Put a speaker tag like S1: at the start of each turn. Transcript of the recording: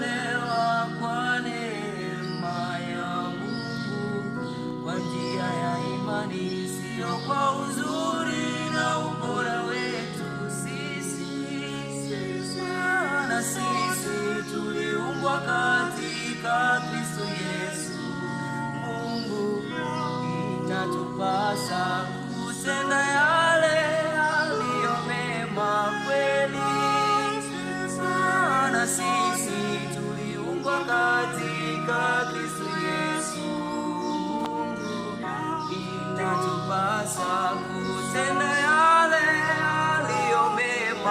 S1: kuokolewa ya kwa ya imani, kwa uzuri na ubora wetu sisi, na sisi Kristo Yesu. Mungu kutenda yale aliyo mema kweli సాగు